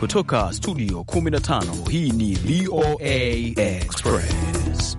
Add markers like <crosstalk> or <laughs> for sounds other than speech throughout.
Kutoka studio 15 hii ni VOA Express.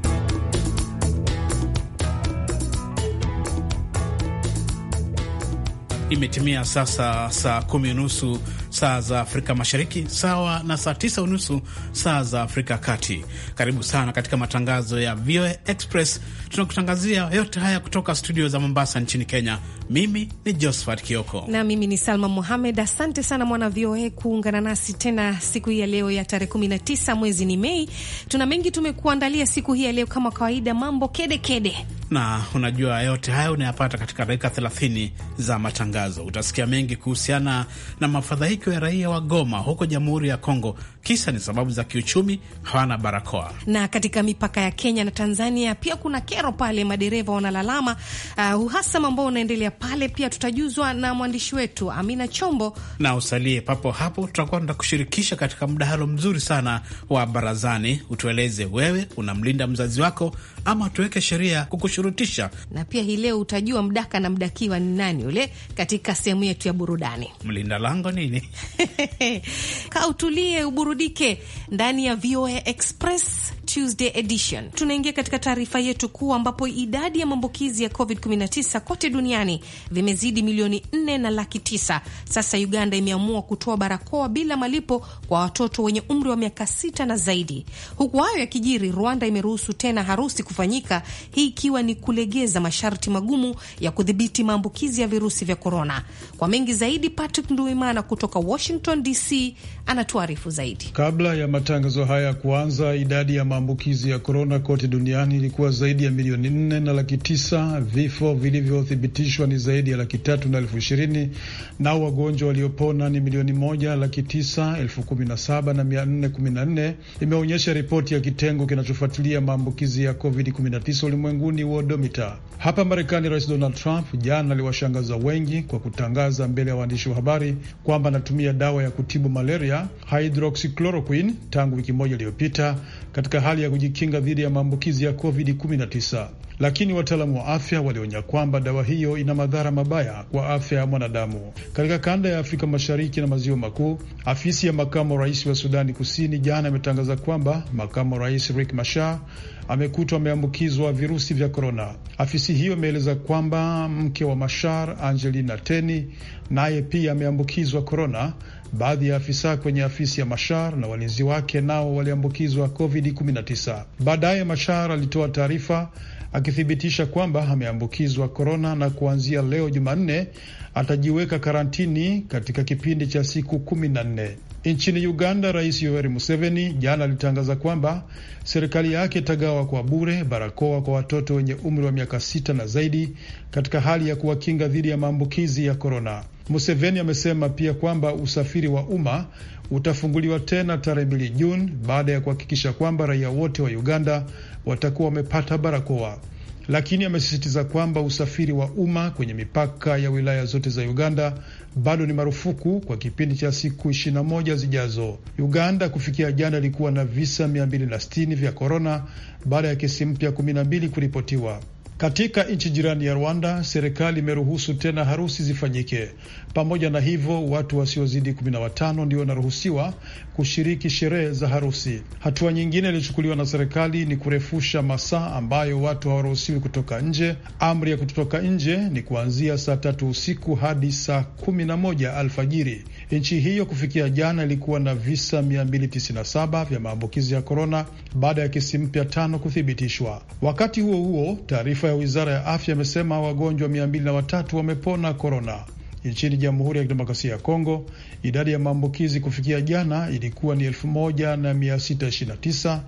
Imetimia sasa saa kumi unusu saa za Afrika Mashariki, sawa na saa tisa unusu saa za Afrika Kati. Karibu sana katika matangazo ya VOA Express. Tunakutangazia yote haya kutoka studio za Mombasa nchini Kenya. Mimi ni Josephat Kioko na mimi ni Salma Muhamed. Asante sana mwana VOA kuungana nasi tena siku hii ya leo ya tarehe 19 mwezi ni Mei. Tuna mengi tumekuandalia siku hii ya leo, kama kawaida, mambo kedekede kede. Na unajua yote haya unayapata katika dakika 30 za matangazo. Utasikia mengi kuhusiana na mafadhaiko ya raia wa Goma huko Jamhuri ya Kongo Kisa ni sababu za kiuchumi, hawana barakoa. Na katika mipaka ya Kenya na Tanzania pia kuna kero pale, madereva wanalalama uh, uhasama ambao unaendelea pale. Pia tutajuzwa na mwandishi wetu Amina Chombo, na usalie papo hapo, tutakuwa tutakushirikisha katika mdahalo mzuri sana wa barazani. Utueleze wewe unamlinda mzazi wako ama tuweke sheria kukushurutisha. Na pia hii leo utajua mdaka na mdakiwa ni nani ule katika sehemu yetu ya burudani. Mlinda lango nini? <laughs> Kautulie uburu burudike ndani ya VOA Express Tuesday edition. Tunaingia katika taarifa yetu kuu, ambapo idadi ya maambukizi ya COVID-19 kote duniani vimezidi milioni nne na laki tisa. Sasa Uganda imeamua kutoa barakoa bila malipo kwa watoto wenye umri wa miaka sita na zaidi. Huku hayo yakijiri, Rwanda imeruhusu tena harusi kufanyika, hii ikiwa ni kulegeza masharti magumu ya kudhibiti maambukizi ya virusi vya korona. Kwa mengi zaidi, Patrick Nduimana kutoka Washington DC anatuarifu zaidi. Kabla ya matangazo haya kuanza, idadi ya maambukizi ya korona kote duniani ilikuwa zaidi ya milioni nne na laki tisa. Vifo vilivyothibitishwa ni zaidi ya laki tatu na elfu ishirini nao wagonjwa waliopona ni milioni moja laki tisa elfu kumi na saba na mia nne kumi na nne imeonyesha ripoti ya kitengo kinachofuatilia maambukizi ya COVID-19 ulimwenguni Wodomita. Hapa Marekani, Rais Donald Trump jana aliwashangaza wengi kwa kutangaza mbele ya waandishi wa habari kwamba anatumia dawa ya kutibu malaria kutumia hydroxychloroquine tangu wiki moja iliyopita katika hali ya kujikinga dhidi ya maambukizi ya COVID-19, lakini wataalamu wa afya walionya kwamba dawa hiyo ina madhara mabaya kwa afya ya mwanadamu. Katika kanda ya Afrika Mashariki na Maziwa Makuu, afisi ya makamu rais wa Sudani Kusini jana ametangaza kwamba makamu rais rik Machar amekutwa ameambukizwa virusi vya korona. Afisi hiyo imeeleza kwamba mke wa Machar Angelina Teny naye pia ameambukizwa korona Baadhi ya afisa kwenye afisi ya Mashar na walinzi wake nao waliambukizwa COVID-19. Baadaye Mashar alitoa taarifa akithibitisha kwamba ameambukizwa korona na kuanzia leo Jumanne atajiweka karantini katika kipindi cha siku kumi na nne. Nchini Uganda, Rais Yoweri Museveni jana alitangaza kwamba serikali yake itagawa kwa bure barakoa kwa watoto wenye umri wa miaka sita na zaidi katika hali ya kuwakinga dhidi ya maambukizi ya korona. Museveni amesema pia kwamba usafiri wa umma utafunguliwa tena tarehe mbili Juni baada ya kuhakikisha kwamba raia wote wa Uganda watakuwa wamepata barakoa lakini amesisitiza kwamba usafiri wa umma kwenye mipaka ya wilaya zote za Uganda bado ni marufuku kwa kipindi cha siku 21 zijazo. Uganda kufikia jana ilikuwa na visa 260 vya korona baada ya kesi mpya 12 kuripotiwa. Katika nchi jirani ya Rwanda, serikali imeruhusu tena harusi zifanyike. Pamoja na hivyo, watu wasiozidi kumi na watano ndio wanaruhusiwa kushiriki sherehe za harusi. Hatua nyingine iliyochukuliwa na serikali ni kurefusha masaa ambayo watu hawaruhusiwi kutoka nje. Amri ya kutotoka nje ni kuanzia saa tatu usiku hadi saa kumi na moja alfajiri Nchi hiyo kufikia jana ilikuwa na visa 297 vya maambukizi ya korona baada ya kesi mpya tano kuthibitishwa. Wakati huo huo, taarifa ya wizara ya afya imesema wagonjwa 203 wamepona korona. Nchini Jamhuri ya Kidemokrasia ya Kongo, idadi ya maambukizi kufikia jana ilikuwa ni 1629.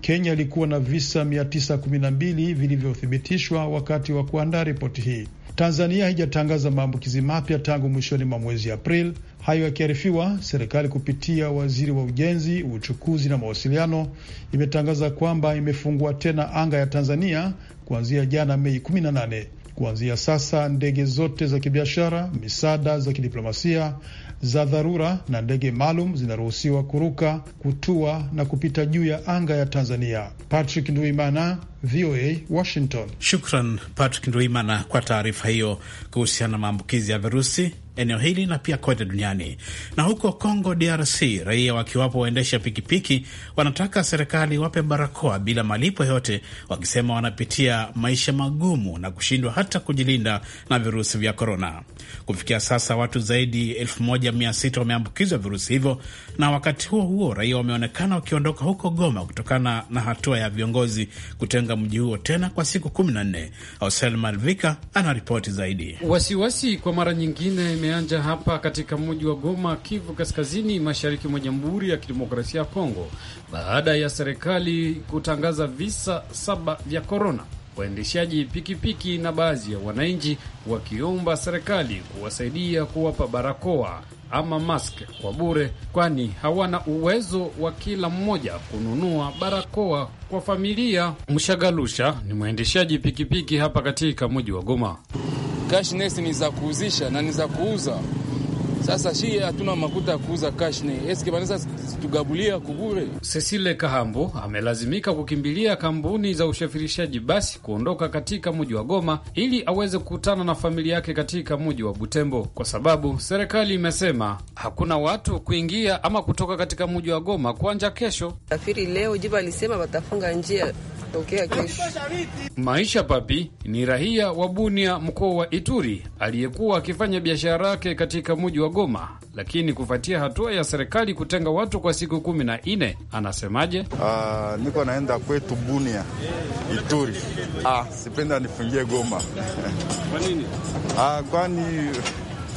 Kenya ilikuwa na visa 912 vilivyothibitishwa wakati wa kuandaa ripoti hii. Tanzania haijatangaza maambukizi mapya tangu mwishoni mwa mwezi Aprili. Hayo yakiarifiwa, serikali kupitia waziri wa ujenzi, uchukuzi na mawasiliano imetangaza kwamba imefungua tena anga ya Tanzania kuanzia jana Mei 18. Kuanzia sasa ndege zote za kibiashara, misaada za kidiplomasia, za dharura na ndege maalum zinaruhusiwa kuruka, kutua na kupita juu ya anga ya Tanzania. Patrick Nduimana, VOA Washington. Shukran Patrick Nduimana kwa taarifa hiyo kuhusiana na maambukizi ya virusi eneo hili na pia kote duniani. Na huko Congo DRC, raia wakiwapo waendesha pikipiki wanataka serikali wape barakoa bila malipo yote, wakisema wanapitia maisha magumu na kushindwa hata kujilinda na virusi vya korona. Kufikia sasa watu zaidi 16 wameambukizwa virusi hivyo, na wakati huo huo raia wameonekana wakiondoka huko Goma kutokana na hatua ya viongozi kutenga mji huo tena kwa siku 14. Ausel Malvika anaripoti zaidi. Wasiwasi wasi kwa mara nyingine imeanja hapa katika mji wa Goma, Kivu Kaskazini, mashariki mwa Jamhuri ya Kidemokrasia ya Kongo baada ya serikali kutangaza visa saba vya korona waendeshaji pikipiki na baadhi ya wananchi wakiomba serikali kuwasaidia kuwapa barakoa ama mask kwa bure, kwani hawana uwezo wa kila mmoja kununua barakoa kwa familia. Mshagalusha ni mwendeshaji pikipiki hapa katika mji wa Goma. Cashness ni za kuuzisha na ni za kuuza sasa shi hatuna makuta ya kuuza kashne, eske wanaweza tugabulia kubure. Cecile Kahambo amelazimika kukimbilia kampuni za ushafirishaji basi kuondoka katika mji wa Goma ili aweze kukutana na familia yake katika mji wa Butembo, kwa sababu serikali imesema hakuna watu kuingia ama kutoka katika mji wa Goma kuanja kesho. Safiri leo jiba alisema watafunga njia tokea kesho. Maisha Papi ni raia wa Bunia, mkoa wa Ituri, aliyekuwa akifanya biashara yake katika mji wa Goma, lakini kufuatia hatua ya serikali kutenga watu kwa siku kumi na nne, anasemaje? Uh, niko naenda kwetu Bunia, Ituri. Ah, sipenda nifungie Goma. <laughs> Kwa nini? Ah, kwani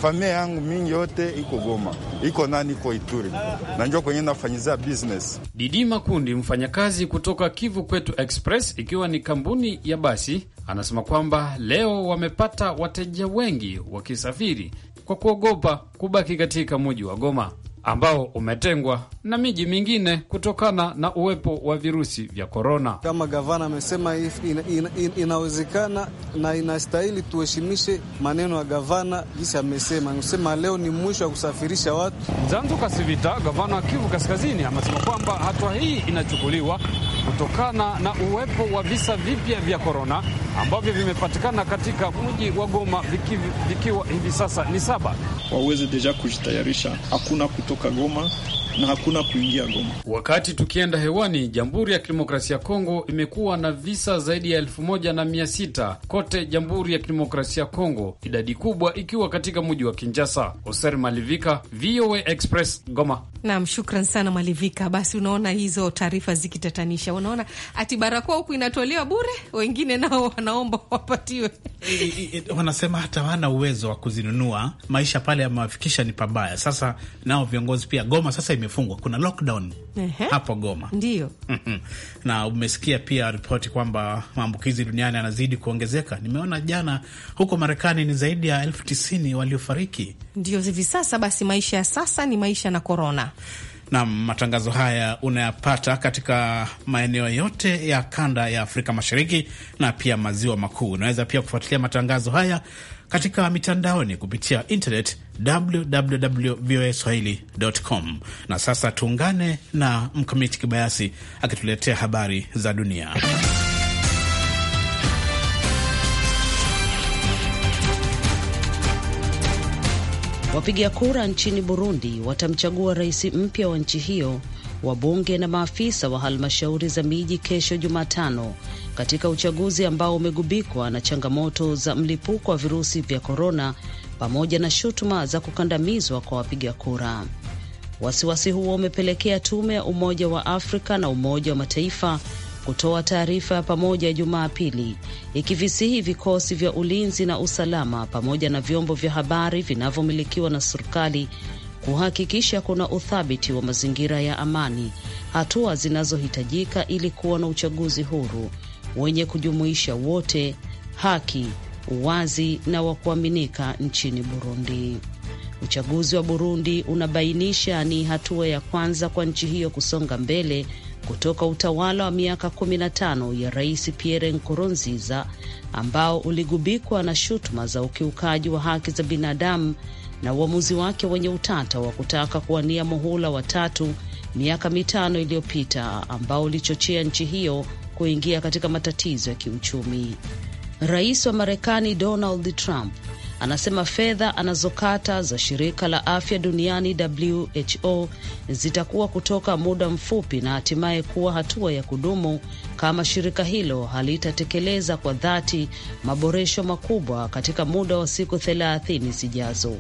familia yangu mingi yote iko Goma, iko nani, iko Ituri, na njoo kwenye nafanyizia business. Didi Makundi, mfanyakazi kutoka Kivu Kwetu Express, ikiwa ni kampuni ya basi, anasema kwamba leo wamepata wateja wengi wakisafiri kwa kuogopa kubaki katika muji wa Goma ambao umetengwa na miji mingine kutokana na uwepo wa virusi vya korona. Kama gavana amesema ina, ina, ina, inawezekana na inastahili tuheshimishe maneno ya gavana jinsi amesema. Amesema leo ni mwisho wa kusafirisha watu. Zanzu Kasivita, gavana wa Kivu Kaskazini, amesema kwamba hatua hii inachukuliwa kutokana na uwepo wa visa vipya vya korona ambavyo vimepatikana katika mji wa Goma vikiwa hivi sasa ni saba. Waweze deja kujitayarisha, hakuna kutu kutoka Goma na hakuna kuingia Goma. Wakati tukienda hewani, Jamhuri ya Kidemokrasia ya Kongo imekuwa na visa zaidi ya elfu moja na mia sita kote Jamhuri ya Kidemokrasia ya Kongo, idadi kubwa ikiwa katika mji wa Kinshasa. Hoser Malivika, VOA Express, Goma. Naam, shukran sana Malivika. Basi unaona hizo taarifa zikitatanisha, unaona ati barakoa huku inatolewa bure, wengine nao wanaomba wapatiwe wanasema hata wana uwezo wa kuzinunua. Maisha pale yamewafikisha ni pabaya. Sasa nao viongozi pia, Goma sasa imefungwa, kuna lockdown hapo Goma ndio mhm. na umesikia pia ripoti kwamba maambukizi duniani yanazidi kuongezeka. Nimeona jana huko Marekani ni zaidi ya elfu tisini waliofariki ndio hivi sasa basi maisha ya sasa ni maisha na korona. Nam, matangazo haya unayapata katika maeneo yote ya kanda ya Afrika Mashariki na pia maziwa makuu. Unaweza pia kufuatilia matangazo haya katika mitandaoni kupitia internet www.voaswahili.com. swahili.com. Na sasa tuungane na Mkamiti Kibayasi akituletea habari za dunia. Wapiga kura nchini Burundi watamchagua rais mpya wa nchi hiyo, wabunge na maafisa wa halmashauri za miji kesho Jumatano, katika uchaguzi ambao umegubikwa na changamoto za mlipuko wa virusi vya korona pamoja na shutuma za kukandamizwa kwa wapiga kura. Wasiwasi huo umepelekea tume ya Umoja wa Afrika na Umoja wa Mataifa kutoa taarifa ya pamoja Jumapili ikivisihi vikosi vya ulinzi na usalama pamoja na vyombo vya habari vinavyomilikiwa na serikali kuhakikisha kuna uthabiti wa mazingira ya amani, hatua zinazohitajika ili kuwa na uchaguzi huru wenye kujumuisha wote, haki, uwazi na wa kuaminika nchini Burundi. Uchaguzi wa Burundi unabainisha ni hatua ya kwanza kwa nchi hiyo kusonga mbele kutoka utawala wa miaka 15 ya Rais Pierre Nkurunziza ambao uligubikwa na shutuma za ukiukaji wa haki za binadamu na uamuzi wake wenye utata wa kutaka kuwania muhula wa tatu miaka mitano iliyopita ambao ulichochea nchi hiyo kuingia katika matatizo ya kiuchumi. Rais wa Marekani Donald Trump anasema fedha anazokata za shirika la afya duniani WHO zitakuwa kutoka muda mfupi na hatimaye kuwa hatua ya kudumu kama shirika hilo halitatekeleza kwa dhati maboresho makubwa katika muda wa siku 30 zijazo.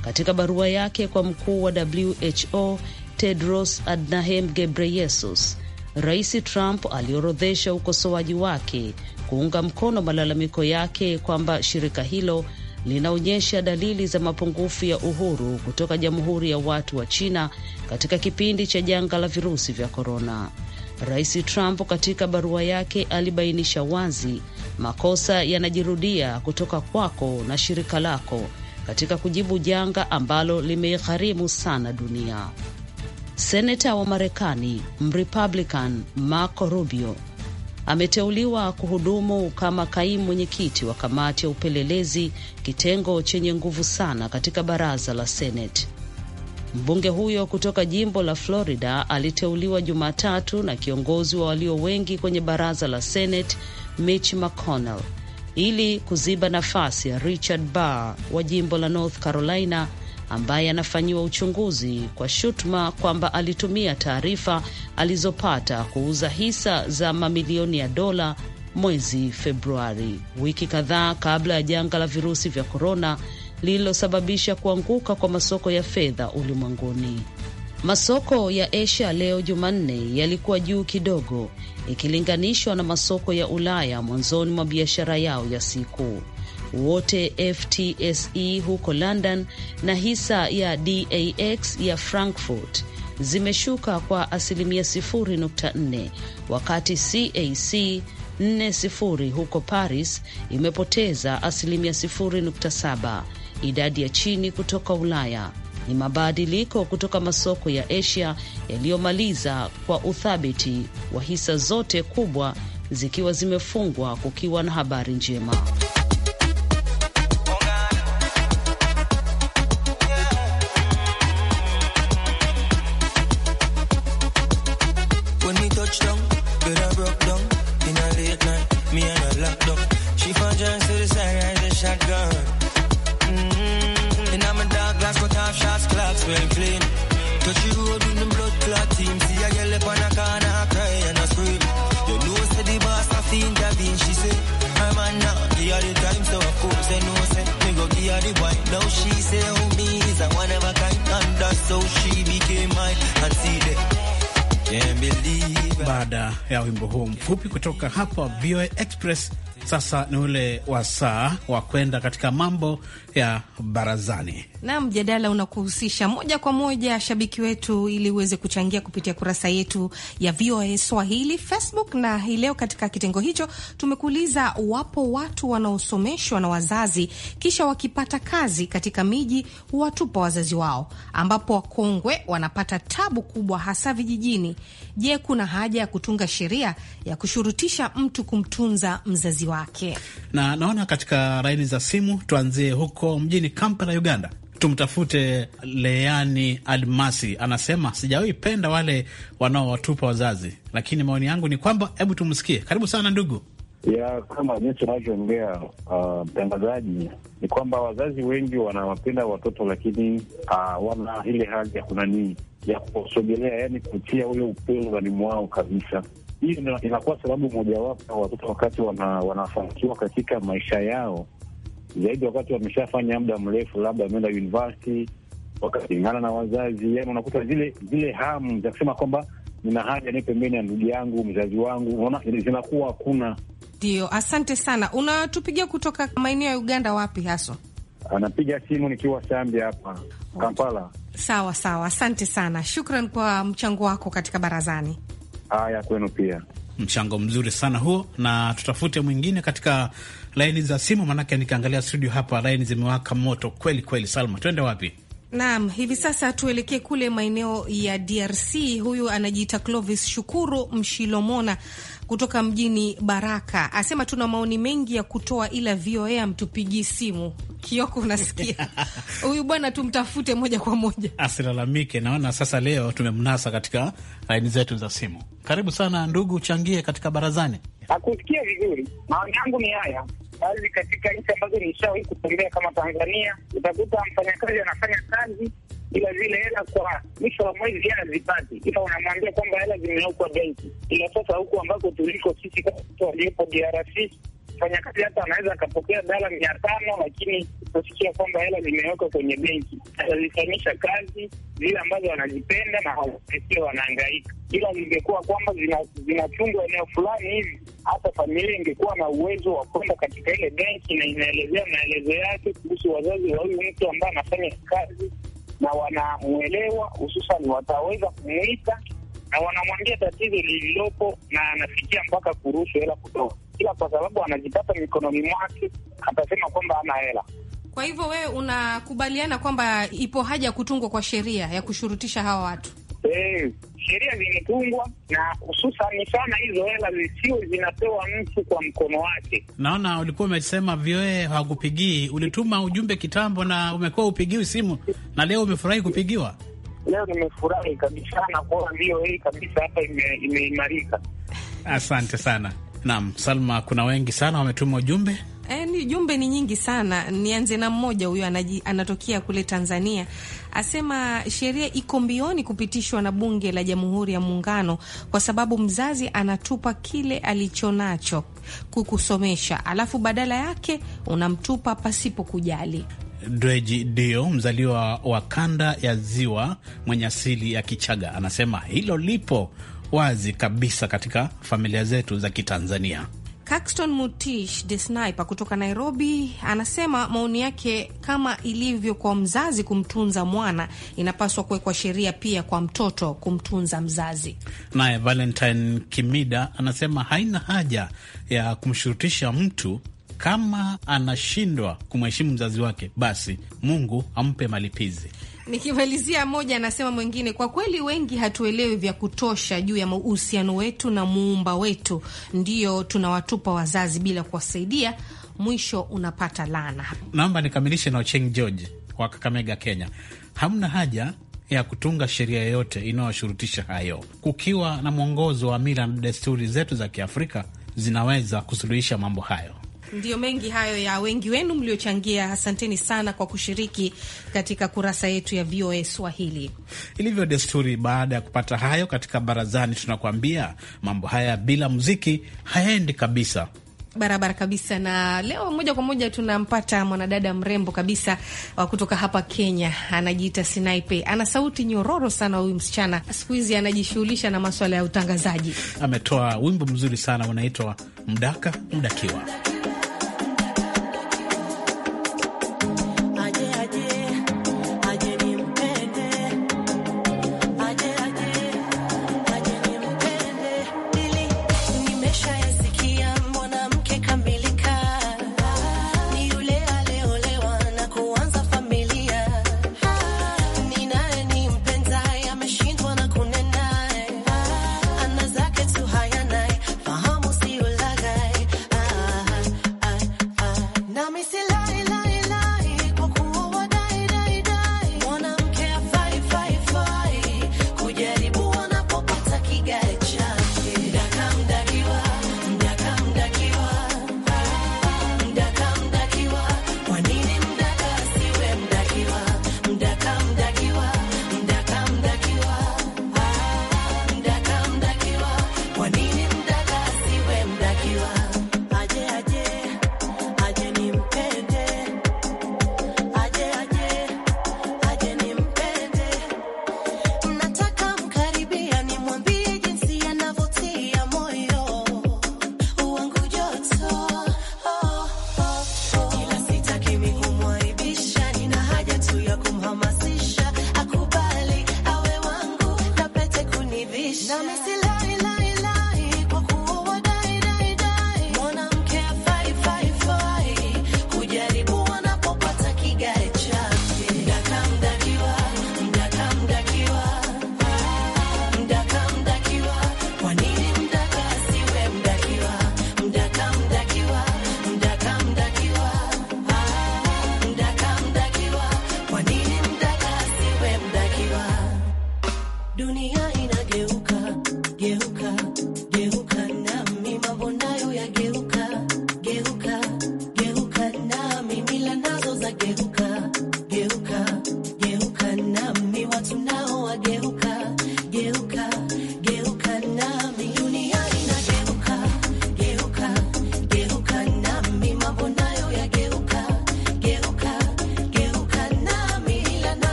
Katika barua yake kwa mkuu wa WHO Tedros Adhanom Ghebreyesus, Rais Trump aliorodhesha ukosoaji wake kuunga mkono malalamiko yake kwamba shirika hilo linaonyesha dalili za mapungufu ya uhuru kutoka Jamhuri ya Watu wa China katika kipindi cha janga la virusi vya korona. Rais Trump katika barua yake alibainisha wazi, makosa yanajirudia kutoka kwako na shirika lako katika kujibu janga ambalo limeigharimu sana dunia. Seneta wa Marekani Mrepublican Marco Rubio ameteuliwa kuhudumu kama kaimu mwenyekiti wa kamati ya upelelezi, kitengo chenye nguvu sana katika baraza la Seneti. Mbunge huyo kutoka jimbo la Florida aliteuliwa Jumatatu na kiongozi wa walio wengi kwenye baraza la Seneti, Mitch McConnell, ili kuziba nafasi ya Richard Burr wa jimbo la North Carolina ambaye anafanyiwa uchunguzi kwa shutuma kwamba alitumia taarifa alizopata kuuza hisa za mamilioni ya dola mwezi Februari, wiki kadhaa kabla ya janga la virusi vya korona lililosababisha kuanguka kwa masoko ya fedha ulimwenguni. Masoko ya Asia leo Jumanne yalikuwa juu kidogo ikilinganishwa na masoko ya Ulaya mwanzoni mwa biashara yao ya siku wote FTSE huko London na hisa ya DAX ya Frankfurt zimeshuka kwa asilimia 0.4 wakati CAC 40 huko Paris imepoteza asilimia 0.7. Idadi ya chini kutoka Ulaya ni mabadiliko kutoka masoko ya Asia yaliyomaliza kwa uthabiti wa hisa zote kubwa zikiwa zimefungwa kukiwa na habari njema. kutoka hapa VOA Express sasa ni ule wasaa wa kwenda katika mambo ya barazani, na mjadala unakuhusisha moja kwa moja shabiki wetu, ili uweze kuchangia kupitia kurasa yetu ya VOA Swahili Facebook. Na hii leo katika kitengo hicho tumekuuliza, wapo watu wanaosomeshwa na wazazi kisha wakipata kazi katika miji huwatupa wazazi wao, ambapo wakongwe wanapata tabu kubwa, hasa vijijini. Je, kuna haja ya kutunga sheria ya kushurutisha mtu kumtunza mzazi wake? wake. Na naona katika laini za simu, tuanzie huko mjini Kampala, Uganda. Tumtafute Leani Almasi, anasema sijawahi penda wale wanaowatupa wazazi, lakini maoni yangu ni kwamba, hebu tumsikie. Karibu sana ndugu ya kama jinsi unavyoongea uh, mtangazaji, uh, ni kwamba wazazi wengi wanawapenda watoto, lakini uh, wana ile hali ya kunanii ya kusogelea, yani kutia ule upendo ndani mwao kabisa hii inakuwa sababu mojawapo watoto wakati wana, wanafanikiwa katika maisha yao zaidi wakati wameshafanya muda mrefu, labda wameenda university wakalingana na wazazi, yani unakuta zile zile hamu za kusema kwamba nina haja ni pembeni ya ndugu yangu mzazi wangu, unaona zinakuwa hakuna. Ndio, asante sana. Unatupigia kutoka maeneo ya Uganda, wapi haswa? Anapiga simu nikiwa Sambia hapa Kampala. Sawa sawa, asante sana, shukran kwa mchango wako katika barazani. Haya, kwenu pia. Mchango mzuri sana huo, na tutafute mwingine katika laini za simu, maanake nikiangalia studio hapa laini zimewaka moto kweli kweli. Salma, twende wapi? Naam, hivi sasa tuelekee kule maeneo ya DRC. Huyu anajiita Clovis Shukuru Mshilomona kutoka mjini Baraka asema tuna maoni mengi ya kutoa, ila VOA amtupigie simu. Kioko, unasikia <laughs> huyu bwana, tumtafute moja kwa moja asilalamike. Naona sasa leo tumemnasa katika laini zetu za simu. Karibu sana ndugu, uchangie katika barazani. akusikia vizuri. Maoni yangu ni haya kazi katika nchi ambazo nishawahi kutembea kama Tanzania, utakuta mfanyakazi anafanya kazi ila zile hela kwa mwisho wa mwezi hela zipati, ila unamwambia kwamba hela zimeokwa benki. Ila sasa huku ambako tuliko sisi kama mtu aliyepo DRC, mfanyakazi hata anaweza akapokea dala mia tano lakini kusikia kwamba hela zimewekwa kwenye benki, atazifanyisha kazi zile ambazo wanazipenda na wasia wanaangaika. Ila zingekuwa kwamba zinachungwa eneo fulani hivi, hata familia ingekuwa na uwezo wa kwenda katika ile benki na inaelezea maelezo yake kuhusu wazazi wa huyu mtu ambaye anafanya kazi na wanamwelewa, hususan wataweza kumuita na wanamwambia tatizo lililopo, na anafikia mpaka kuruhusu hela kutoa ila kwa sababu anajipata mikononi mwake atasema kwamba ana hela. Kwa hivyo wewe unakubaliana kwamba ipo haja ya kutungwa kwa sheria ya kushurutisha hawa watu? Hey. Eh, sheria zimetungwa na hususani sana hizo hela zisiwe zinapewa mtu kwa mkono wake. Naona ulikuwa umesema vyoe hawakupigii, ulituma ujumbe kitambo na umekuwa upigiwi simu, na leo umefurahi kupigiwa. Leo nimefurahi kabisa na kuona hii kabisa hapa imeimarika ime. Asante sana. Naam, Salma, kuna wengi sana wametuma ujumbe. E, ni jumbe ni nyingi sana. Nianze na mmoja huyo, anatokea kule Tanzania, asema sheria iko mbioni kupitishwa na Bunge la Jamhuri ya Muungano kwa sababu mzazi anatupa kile alichonacho kukusomesha, alafu badala yake unamtupa pasipo kujali. Dweji Dio, mzaliwa wa kanda ya Ziwa, mwenye asili ya Kichaga, anasema hilo lipo wazi kabisa katika familia zetu za Kitanzania. Caxton Mutish the Sniper kutoka Nairobi anasema maoni yake, kama ilivyo kwa mzazi kumtunza mwana, inapaswa kuwekwa sheria pia kwa mtoto kumtunza mzazi. Naye Valentine Kimida anasema haina haja ya kumshurutisha mtu kama anashindwa kumheshimu mzazi wake, basi Mungu ampe malipizi. Nikimalizia moja, anasema mwingine, kwa kweli wengi hatuelewi vya kutosha juu ya uhusiano wetu na muumba wetu, ndiyo tunawatupa wazazi bila kuwasaidia, mwisho unapata lana Naomba nikamilishe na Ocheng George wa Kakamega, Kenya. Hamna haja ya kutunga sheria yoyote inayoshurutisha hayo. Kukiwa na mwongozo wa mila na desturi zetu za Kiafrika, zinaweza kusuluhisha mambo hayo ndio mengi hayo ya wengi wenu mliochangia. Asanteni sana kwa kushiriki katika kurasa yetu ya VOA Swahili. Ilivyo desturi, baada ya kupata hayo katika barazani, tunakuambia mambo haya bila muziki hayaendi kabisa. Barabara kabisa. Na leo moja kwa moja tunampata mwanadada mrembo kabisa wa kutoka hapa Kenya, anajiita Sinaipe. Ana sauti nyororo sana huyu msichana, siku hizi anajishughulisha na maswala ya utangazaji. Ametoa wimbo mzuri sana unaitwa Mdaka Mdakiwa.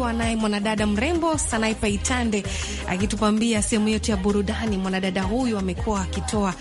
akiwa naye mwanadada mrembo Sanaipa Itande akitupambia sehemu yetu ya burudani. Mwanadada huyu amekuwa akitoa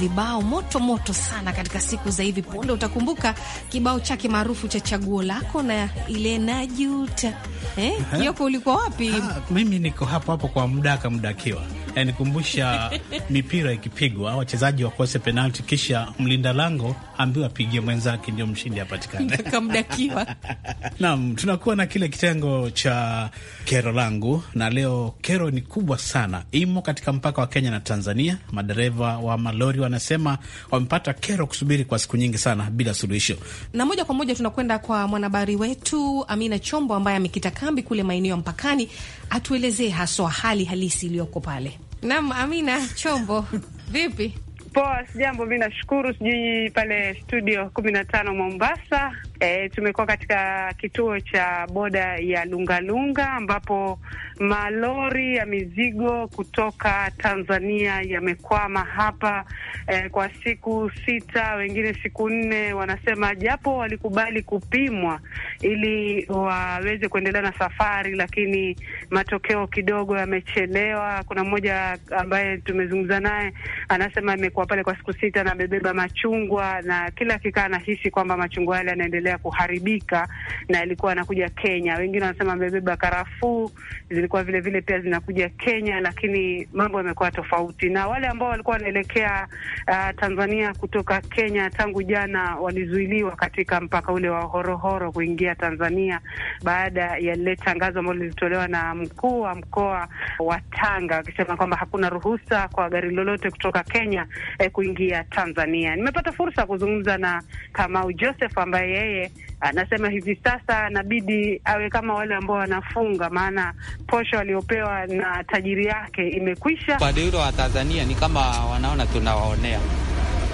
vibao moto moto sana katika siku za hivi punde. Utakumbuka kibao chake maarufu cha chaguo lako na ile najuta. Eh, Kioko, ulikuwa wapi? Ha, ah, mimi niko hapo hapo kwa muda mdakiwa inanikumbusha mipira ikipigwa, wachezaji wakose penalti, kisha mlinda lango ambiwa apigie mwenzake ndio mshindi apatikane. Kamdakiwa. <laughs> Naam, tunakuwa na kile kitengo cha kero langu, na leo kero ni kubwa sana, imo katika mpaka wa Kenya na Tanzania. Madereva wa malori wanasema wamepata kero kusubiri kwa siku nyingi sana bila suluhisho. Na moja kwa moja tunakwenda kwa mwanahabari wetu Amina Chombo ambaye amekita kambi kule maeneo ya mpakani, atuelezee haswa hali halisi iliyoko pale. Naam, Amina Chombo, vipi? Poa, sijambo. Mi nashukuru, sijui pale studio kumi na tano Mombasa E, tumekuwa katika kituo cha boda ya Lungalunga ambapo malori ya mizigo kutoka Tanzania yamekwama hapa e, kwa siku sita, wengine siku nne. Wanasema japo walikubali kupimwa ili waweze kuendelea na safari, lakini matokeo kidogo yamechelewa. Kuna mmoja ambaye tumezungumza naye anasema amekuwa pale kwa siku sita na amebeba machungwa na kila kikaa anahisi kwamba machungwa yale yanaendelea yanaendelea kuharibika na yalikuwa yanakuja Kenya. Wengine wanasema amebeba karafuu, zilikuwa vile vile pia zinakuja Kenya, lakini mambo yamekuwa tofauti. Na wale ambao walikuwa wanaelekea uh, Tanzania kutoka Kenya tangu jana walizuiliwa katika mpaka ule wa Horohoro kuingia Tanzania baada ya lile tangazo ambalo lilitolewa na mkuu wa mkoa wa Tanga akisema kwamba hakuna ruhusa kwa gari lolote kutoka Kenya eh, kuingia Tanzania. Nimepata fursa ya kuzungumza na Kamau Joseph ambaye yeye yeye anasema ah, hivi sasa anabidi awe kama wale ambao wanafunga, maana posho aliyopewa na tajiri yake imekwisha. Wadeuro wa Tanzania ni kama wanaona tunawaonea,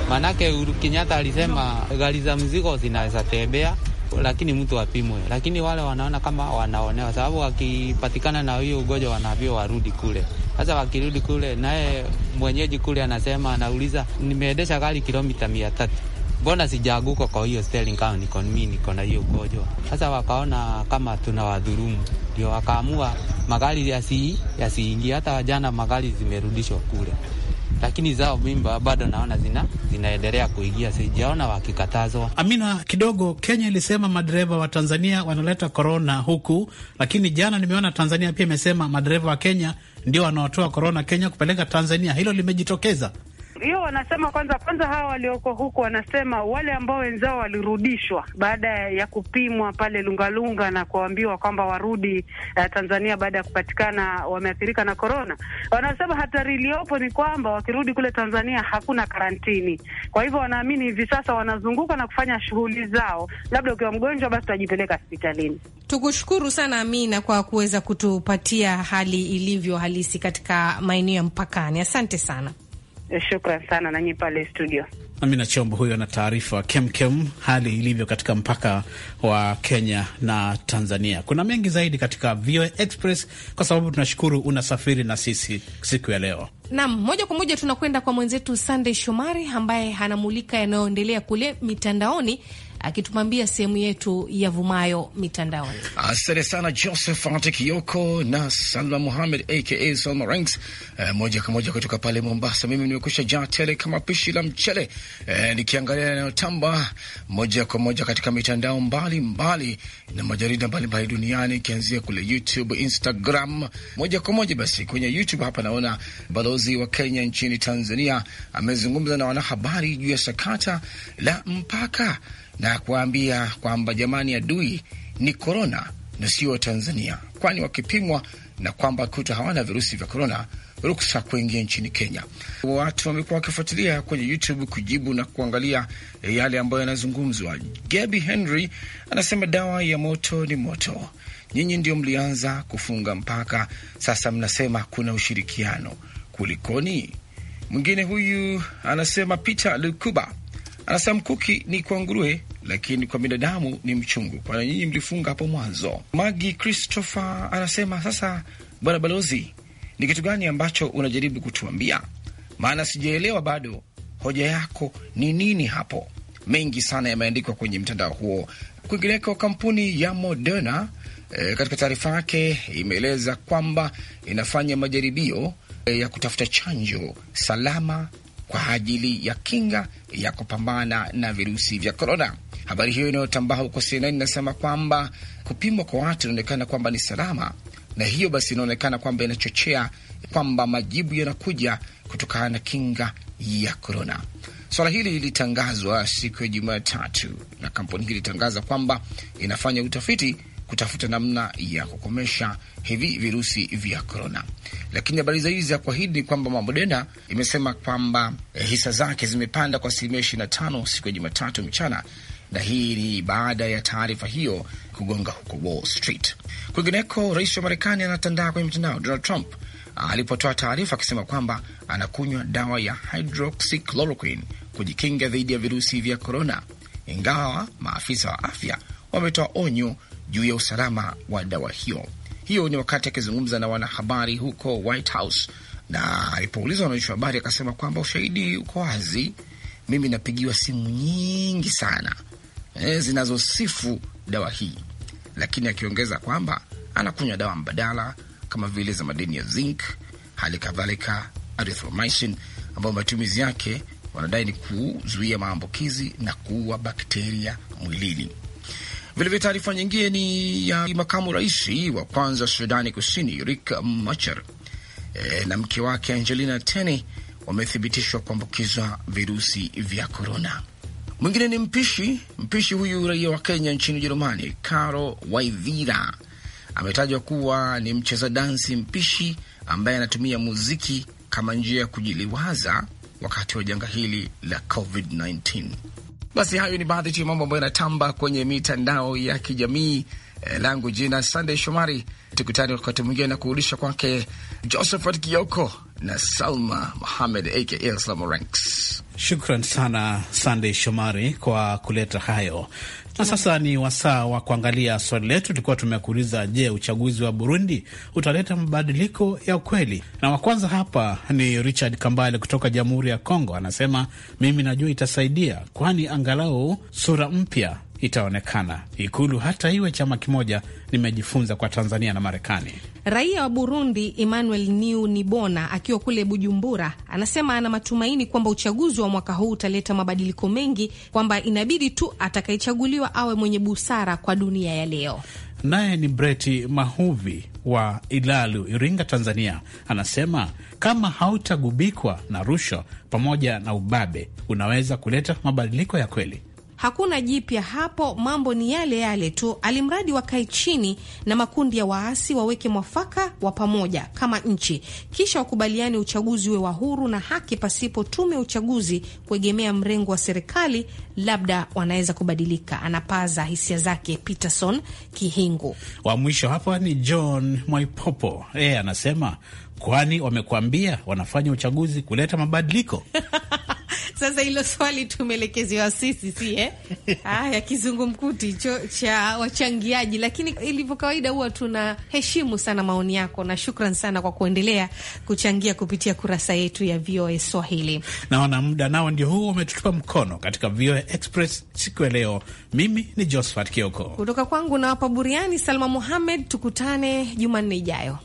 maanake Uhuru Kenyatta alisema gari za mzigo zinaweza tembea lakini mtu apimwe, lakini wale wanaona kama wanaonewa, sababu wakipatikana na hiyo ugonjwa wanaambiwa warudi kule. Sasa wakirudi kule, naye mwenyeji kule anasema, anauliza nimeendesha gari kilomita mia tatu mbona sijaanguka? Kwa hiyo Sterling kama niko mimi niko na hiyo ugonjwa sasa, wakaona kama tuna wadhurumu, ndio wakaamua magari yasiingie yasi. Hata jana magari zimerudishwa kule, lakini zao mimba bado naona zina zinaendelea kuingia, sijaona wakikatazwa. Amina, kidogo Kenya ilisema madereva wa Tanzania wanaleta korona huku, lakini jana nimeona Tanzania pia imesema madereva wa Kenya ndio wanaotoa korona Kenya kupeleka Tanzania. Hilo limejitokeza hiyo wanasema kwanza kwanza, hawa walioko huku wanasema wale ambao wenzao walirudishwa baada ya kupimwa pale Lungalunga na kuambiwa kwamba warudi uh, Tanzania baada ya kupatikana wameathirika na korona, wanasema hatari iliyopo ni kwamba wakirudi kule Tanzania hakuna karantini. Kwa hivyo wanaamini hivi sasa wanazunguka na kufanya shughuli zao, labda ukiwa mgonjwa basi utajipeleka hospitalini. Tukushukuru sana Amina kwa kuweza kutupatia hali ilivyo halisi katika maeneo ya mpakani. Asante sana. Shukran sana nanyi pale studio. Amina Chombo huyo na taarifa kemkem, hali ilivyo katika mpaka wa Kenya na Tanzania. Kuna mengi zaidi katika VOA Express kwa sababu tunashukuru unasafiri na sisi siku ya leo. nam moja kwa moja tunakwenda kwa mwenzetu Sandey Shomari ambaye anamulika yanayoendelea kule mitandaoni akitumambia sehemu yetu ya vumayo mitandaoni. Asante sana Josephat Kioko na Salma Muhamed aka Salma Ranks. eh, moja kwa moja kutoka pale Mombasa, mimi nimekusha jaa tele kama pishi la mchele eh, nikiangalia yanayotamba moja kwa moja katika mitandao mbalimbali mbali, na majarida mbalimbali duniani ikianzia kule YouTube, Instagram. Moja kwa moja basi kwenye YouTube hapa naona balozi wa Kenya nchini Tanzania amezungumza na wanahabari juu ya sakata la mpaka na kuwaambia kwamba jamani, adui ni korona na sio Tanzania, kwani wakipimwa na kwamba kuta hawana virusi vya korona ruksa kuingia nchini Kenya. Watu wamekuwa wakifuatilia kwenye YouTube kujibu na kuangalia yale ambayo yanazungumzwa. Gabi Henry anasema dawa ya moto ni moto, nyinyi ndio mlianza kufunga mpaka sasa mnasema kuna ushirikiano, kulikoni? Mwingine huyu anasema Peter Lukuba Anasema mkuki ni kwa nguruwe, lakini kwa binadamu ni mchungu, kwana nyinyi mlifunga hapo mwanzo. Magi Christopher anasema sasa, bwana balozi, ni kitu gani ambacho unajaribu kutuambia? Maana sijaelewa bado hoja yako ni nini hapo. Mengi sana yameandikwa kwenye mtandao huo. Kwingineko, kampuni ya Moderna e, katika taarifa yake imeeleza kwamba inafanya majaribio e, ya kutafuta chanjo salama kwa ajili ya kinga ya kupambana na virusi vya korona. Habari hiyo inayotambaa huko CNN inasema kwamba kupimwa kwa watu inaonekana kwamba ni salama, na hiyo basi inaonekana kwamba inachochea kwamba majibu yanakuja kutokana na kinga ya korona. Swala hili lilitangazwa siku ya Jumatatu na kampuni hii ilitangaza kwamba inafanya utafiti kutafuta namna ya kukomesha hivi virusi vya korona. Lakini habari zaidi za kuahidi ni kwamba Moderna imesema kwamba eh, hisa zake zimepanda kwa asilimia 25 siku ya Jumatatu mchana, na hii ni baada ya taarifa hiyo kugonga huko Wall Street. Kwingineko, rais wa Marekani anatandaa kwenye mitandao Donald Trump ah, alipotoa taarifa akisema kwamba anakunywa dawa ya hydroxychloroquine kujikinga dhidi ya virusi vya korona, ingawa maafisa wa afya wametoa onyo juu ya usalama wa dawa hiyo. Hiyo ni wakati akizungumza na wanahabari huko White House, na alipoulizwa wanaandishi wa habari akasema kwamba ushahidi uko wazi, mimi napigiwa simu nyingi sana e, zinazosifu dawa hii, lakini akiongeza kwamba anakunywa dawa mbadala kama vile za madini ya zinc, hali kadhalika azithromycin, ambayo matumizi yake wanadai ni kuzuia maambukizi na kuua bakteria mwilini. Vilevile taarifa nyingine ni ya makamu rais wa kwanza Sudani Kusini Riek Machar e, na mke wake Angelina Teny wamethibitishwa kuambukizwa virusi vya korona. Mwingine ni mpishi mpishi huyu raia wa Kenya nchini Ujerumani, Caro Waithira ametajwa kuwa ni mcheza dansi mpishi ambaye anatumia muziki kama njia ya kujiliwaza wakati wa janga hili la COVID-19. Basi hayo ni baadhi tu ya mambo ambayo yanatamba kwenye mitandao ya kijamii. Eh, langu jina Sunday Shomari. Tukutane wakati mwingine na kurudisha kwake Josephat Kioko na Salma Muhamed aka Salma Ranks. Shukran sana Sunday Shomari kwa kuleta hayo. Na sasa ni wasaa wa kuangalia swali letu. Tulikuwa tumekuuliza, je, uchaguzi wa Burundi utaleta mabadiliko ya ukweli? Na wa kwanza hapa ni Richard Kambale kutoka Jamhuri ya Kongo, anasema mimi najua itasaidia, kwani angalau sura mpya itaonekana Ikulu hata iwe chama kimoja. Nimejifunza kwa Tanzania na Marekani. Raia wa Burundi Emmanuel Niu Nibona akiwa kule Bujumbura anasema ana matumaini kwamba uchaguzi wa mwaka huu utaleta mabadiliko mengi, kwamba inabidi tu atakayechaguliwa awe mwenye busara kwa dunia ya leo. Naye ni Breti Mahuvi wa Ilalu, Iringa, Tanzania, anasema kama hautagubikwa na rushwa pamoja na ubabe, unaweza kuleta mabadiliko ya kweli. Hakuna jipya hapo, mambo ni yale yale tu, alimradi wakae chini na makundi ya waasi waweke mwafaka wa pamoja kama nchi, kisha wakubaliane uchaguzi uwe wa huru na haki, pasipo tume ya uchaguzi kuegemea mrengo wa serikali. Labda wanaweza kubadilika, anapaza hisia zake Peterson Kihingu. Wa mwisho hapa ni John Mwaipopo, yeye anasema kwani wamekuambia wanafanya uchaguzi kuleta mabadiliko? <laughs> Sasa hilo swali tumeelekeziwa sisi, si eh? <laughs> Haya, kizungumkuti hicho cha wachangiaji, lakini ilivyo kawaida huwa tunaheshimu sana maoni yako, na shukran sana kwa kuendelea kuchangia kupitia kurasa yetu ya VOA Swahili. Naona muda nao ndio huo umetutupa mkono katika VOA Express siku ya leo. Mimi ni Josephat Kioko kutoka kwangu, nawapa buriani Salma Mohamed. Tukutane Jumanne ijayo.